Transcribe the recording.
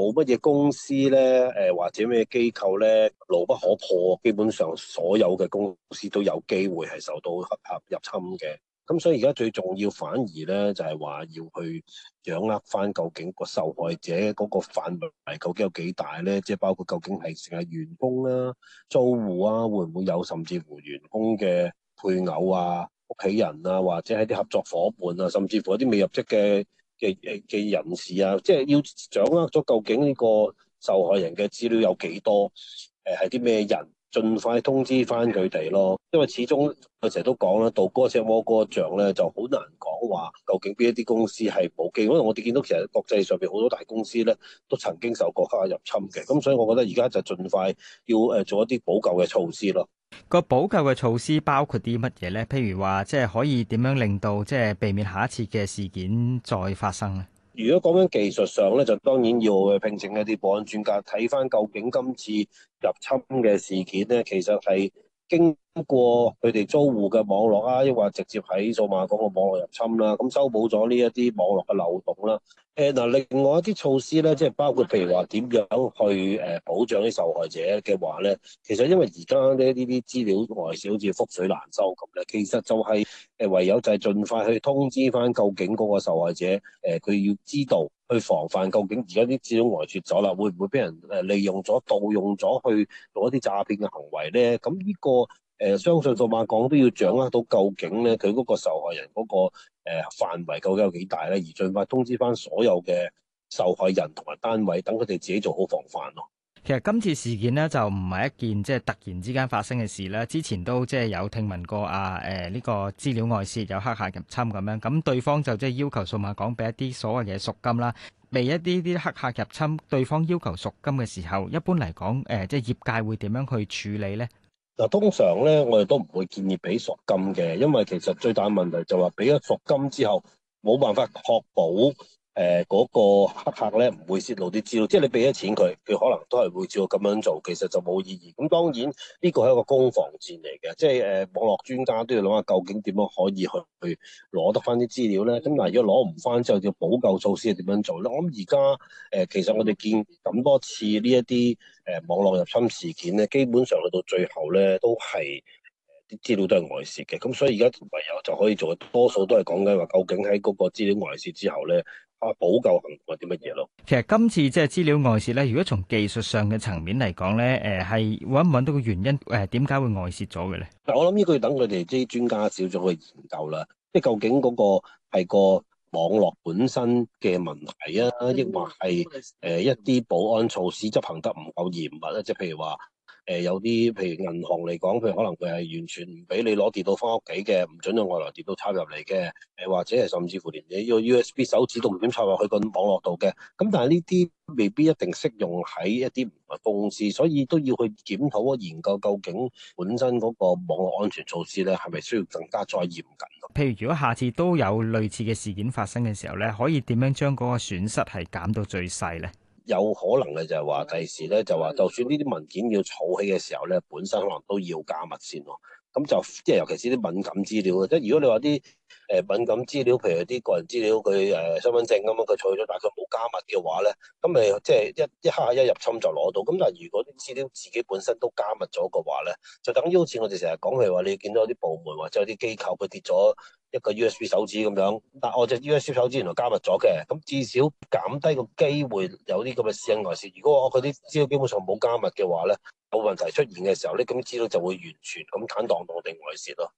冇乜嘢公司咧，誒或者咩機構咧，牢不可破。基本上所有嘅公司都有機會係受到黑客入侵嘅。咁所以而家最重要，反而咧就係、是、話要去掌握翻究竟個受害者嗰個範圍究竟有幾大咧？即係包括究竟係成日員工啦、啊、租戶啊，會唔會有？甚至乎員工嘅配偶啊、屋企人啊，或者係啲合作伙伴啊，甚至乎一啲未入職嘅。嘅嘅人士啊，即係要掌握咗究竟呢個受害人嘅資料有幾多？誒係啲咩人？盡快通知翻佢哋咯。因為始終我成日都講啦，道高一尺魔高一丈咧，就好難講話究竟邊一啲公司係冇記。因為我哋見到其實國際上邊好多大公司咧，都曾經受過黑客入侵嘅。咁所以我覺得而家就盡快要誒做一啲補救嘅措施咯。個補救嘅措施包括啲乜嘢咧？譬如話，即係可以點樣令到即係避免下一次嘅事件再發生咧？如果講緊技術上咧，就當然要去聘請一啲保安專家睇翻究竟今次入侵嘅事件咧，其實係。經過佢哋租戶嘅網絡啊，抑或直接喺數碼港嘅網絡入侵啦，咁修補咗呢一啲網絡嘅漏洞啦。誒嗱，另外一啲措施咧，即係包括譬如話點樣去誒保障啲受害者嘅話咧，其實因為而家呢啲資料外泄好似覆水難收咁咧，其實就係誒唯有就係盡快去通知翻究竟嗰個受害者誒，佢要知道。去防範究竟而家啲資料外泄咗啦，會唔會俾人誒利用咗、盜用咗去做一啲詐騙嘅行為咧？咁呢、呢個誒，相信數碼港都要掌握到究竟咧，佢嗰個受害人嗰、嗰個誒、呃、範圍究竟有幾大咧，而盡快通知翻所有嘅受害人同埋單位，等佢哋自己做好防範咯。其實今次事件咧就唔係一件即係、就是、突然之間發生嘅事啦。之前都即係有聽聞過啊，誒、呃、呢、這個資料外泄有黑客入侵咁樣，咁對方就即係要求數碼港俾一啲所謂嘅贖金啦。被一啲啲黑客入侵，對方要求贖金嘅時候，一般嚟講誒即係業界會點樣去處理咧？嗱，通常咧我哋都唔會建議俾贖金嘅，因為其實最大嘅問題就話俾咗贖金之後冇辦法確保。誒，嗰個黑客咧唔會泄露啲資料，即係你俾咗錢佢，佢可能都係會照咁樣做，其實就冇意義。咁當然呢個係一個攻防戰嚟嘅，即係誒網絡專家都要諗下究竟點樣可以去攞得翻啲資料咧。咁但係，如果攞唔翻之後，要補救措施係點樣做咧？我諗而家誒，其實我哋見咁多次呢一啲誒網絡入侵事件咧，基本上去到最後咧都係啲資料都係外洩嘅。咁所以而家唯有就可以做多數都係講緊話，究竟喺嗰個資料外洩之後咧。啊！補救行動係啲乜嘢咯？其實今次即係資料外洩咧，如果從技術上嘅層面嚟講咧，誒係揾唔揾到個原因？誒點解會外洩咗嘅咧？嗱，我諗呢個要等佢哋啲專家小組去研究啦。即係究竟嗰個係個網絡本身嘅問題啊，抑或係誒一啲保安措施執行得唔夠嚴密咧？即係譬如話。誒、呃、有啲，譬如銀行嚟講，譬如可能佢係完全唔俾你攞碟到返屋企嘅，唔准用外來碟到插入嚟嘅，誒、呃、或者係甚至乎連你 U USB 手指都唔點插入去個網絡度嘅。咁但係呢啲未必一定適用喺一啲唔同公司，所以都要去檢討啊，研究究究竟本身嗰個網絡安全措施咧，係咪需要更加再嚴謹？譬如如果下次都有類似嘅事件發生嘅時候咧，可以點樣將嗰個損失係減到最細咧？有可能嘅就係話，第時咧就話，就，就算呢啲文件要儲起嘅時候咧，本身可能都要加密先咯、哦。咁就即係尤其是啲敏感資料啊，即係如果你話啲誒敏感資料，譬、就是、如啲個人資料，佢誒身份證咁樣，佢儲咗，但係佢冇加密嘅話咧，咁咪即係一一下一入侵就攞到。咁但係如果啲資料自己本身都加密咗嘅話咧，就等於好似我哋成日講，譬如話你見到啲部門或者有啲機構佢跌咗。一個 USB 手指咁樣，但我隻 USB 手指原來加密咗嘅，咁至少減低個機會有啲咁嘅私隱外洩。如果我佢啲資料基本上冇加密嘅話咧，有問題出現嘅時候，呢咁資料就會完全咁坦蕩蕩地外洩咯。